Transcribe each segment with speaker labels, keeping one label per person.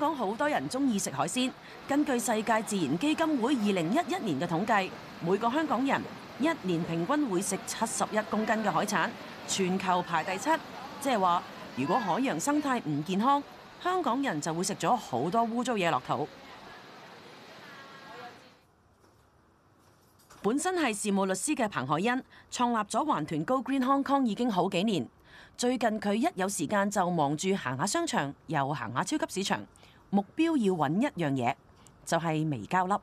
Speaker 1: 香港好多人鍾意食海鮮。根據世界自然基金會二零一一年嘅統計，每個香港人一年平均會食七十一公斤嘅海產，全球排第七。即係話，如果海洋生態唔健康，香港人就會食咗好多污糟嘢落肚。本身係事務律師嘅彭海欣，創立咗環團 Go Green Hong Kong 已經好幾年。最近佢一有時間就忙住行下商場，又行下超級市場，目標要揾一樣嘢，就係微膠粒。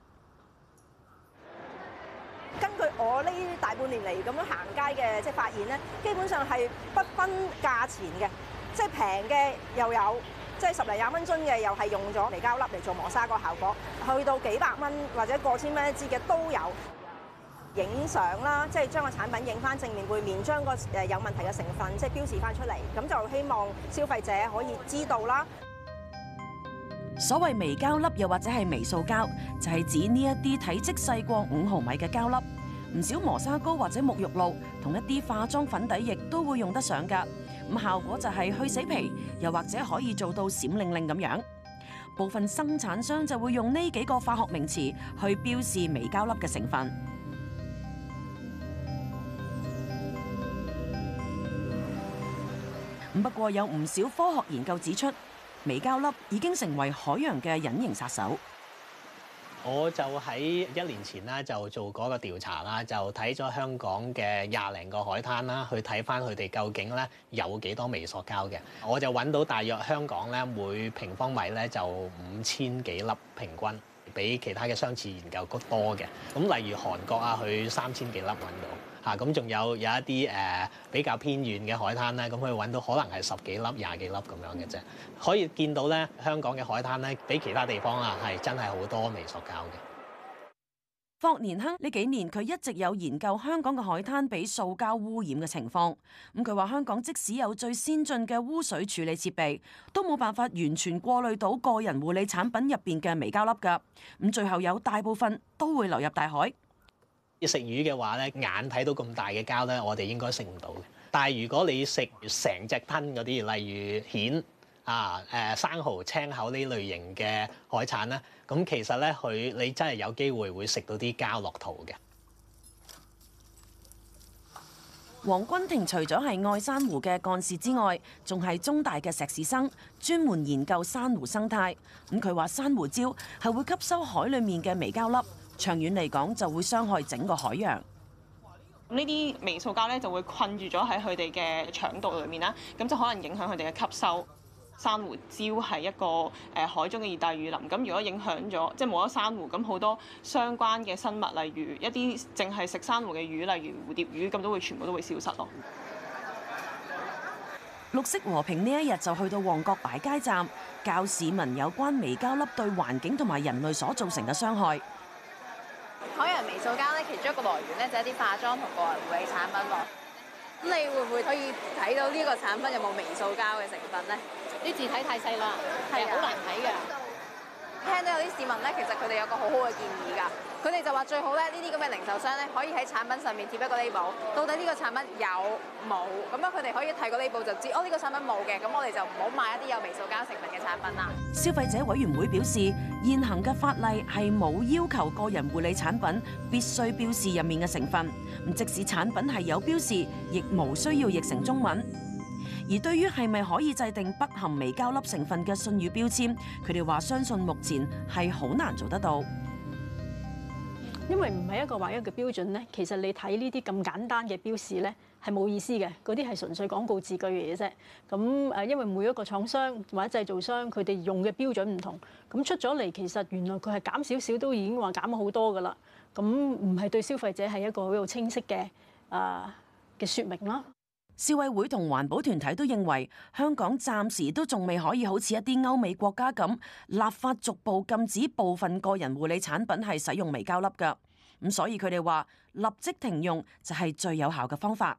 Speaker 1: 根據我呢大半年嚟，咁樣行街嘅，即係發現基本上係不分價錢嘅，即係平嘅又有，即係十零廿蚊樽嘅又係用咗微膠粒嚟做磨砂嗰個效果，去到幾百蚊或者過千蚊一支嘅都有。影相啦，即係將個產品影翻正面背面，將個誒有問題嘅成分即係標示翻出嚟，咁就希望消費者可以知道啦。所謂微膠粒又或者係微塑膠，就係指呢一啲體積細過五毫米嘅膠粒，唔少磨砂膏或者沐浴露同一啲化妝粉底液都會用得上㗎。咁效果就係去死皮，又或者可以做到閃靈靈咁樣。部分生產商就會用呢幾個化學名詞去標示微膠粒嘅成分。不過有唔少科學研究指出，微膠粒已經成為海洋嘅隱形殺手。
Speaker 2: 我就喺一年前啦，就做嗰個調查啦，就睇咗香港嘅廿零個海灘啦，去睇翻睇返佢哋究竟咧有幾多微塑膠嘅。我就揾到大約香港咧每平方米咧就五千幾粒平均，比其他嘅相似研究仲多嘅。咁例如韓國啊，佢三千幾粒揾到。啊，咁仲有有一啲誒比較偏遠嘅海灘咧，咁可以揾到可能係十幾粒、廿幾粒咁樣嘅啫。可以見到咧，香港嘅海灘咧，比其他地方啊係真係好多微塑膠嘅。
Speaker 1: 霍年亨呢幾年佢一直有研究香港嘅海灘俾塑膠污染嘅情況。咁佢話香港即使有最先進嘅污水處理設備，都冇辦法完全過濾到個人護理產品入邊嘅微膠
Speaker 2: 粒㗎。咁最後有大部分都會流入大海。要食魚嘅話咧，眼睇到咁大嘅膠咧，我哋應該食唔到嘅。但係如果你食成隻吞嗰啲，例如蜆啊、誒、啊、生蠔、青口呢類型嘅海產咧，咁其實咧佢你真係有機會會食到啲膠落肚嘅。
Speaker 1: 黃君庭除咗係愛珊瑚嘅幹事之外，仲係中大嘅碩士生，專門研究珊瑚生態。咁佢話珊瑚礁係會吸收海裡面嘅微膠粒。長遠嚟講，就會傷害整個海洋。
Speaker 2: 咁呢啲微塑膠咧，就會困住咗喺佢哋嘅腸道裏面啦。咁就可能影響佢哋嘅吸收。珊瑚礁係一個誒海中嘅熱帶雨林。咁如果影響咗，即係冇咗珊瑚，咁好多相關嘅生物，例如一啲淨係食珊瑚嘅魚，例如蝴蝶魚，咁都會全部都會消失咯。綠色
Speaker 1: 和平呢一日就去到旺角擺街站，教市民有關微膠粒對環境同埋人類所造成嘅傷害。
Speaker 2: 海洋微塑膠咧，其中一個來源咧就係啲化妝同個人護理產品喎。咁你會唔會可以睇到呢個產品有冇微塑膠嘅成分咧？啲字體太細啦，係啊，好難睇嘅。聽到有啲市民咧，其實佢哋有個好好嘅建議㗎。佢哋就話最好咧，呢啲咁嘅零售商咧，可以喺產品上
Speaker 1: 面貼一個 label，到底呢個產品有冇？咁樣佢哋可以睇個 label 就知，哦呢個產品冇
Speaker 2: 嘅，咁我哋就唔好買一啲有微塑膠成分嘅產品啦。
Speaker 1: 消費者委員會表示，現行嘅法例係冇要求個人護理產品必須標示入面嘅成分，咁即使產品係有標示，亦冇需要譯成中文。而對於係咪可以制定不含微膠粒成分嘅信譽標籤，佢哋話相信目前係好難做得到。因為唔係一個唯一嘅標準咧，其實你睇呢啲咁簡單嘅標示咧，係冇意思嘅，嗰啲係純粹廣告字句嚟嘅啫。咁誒，因為每一個廠商或者製造商佢哋用嘅標準唔同，咁出咗嚟其實原來佢係減少少都已經話減咗好多噶啦。咁唔係對消費者係一個好有清晰嘅誒嘅説明囉。消委會同環保團體都認為，香港暫時都仲未可以好似一啲歐美國家咁立法逐步禁止部分個人護理產品係使用微膠粒㗎，咁所以佢哋話立即停用就係最有效嘅方法。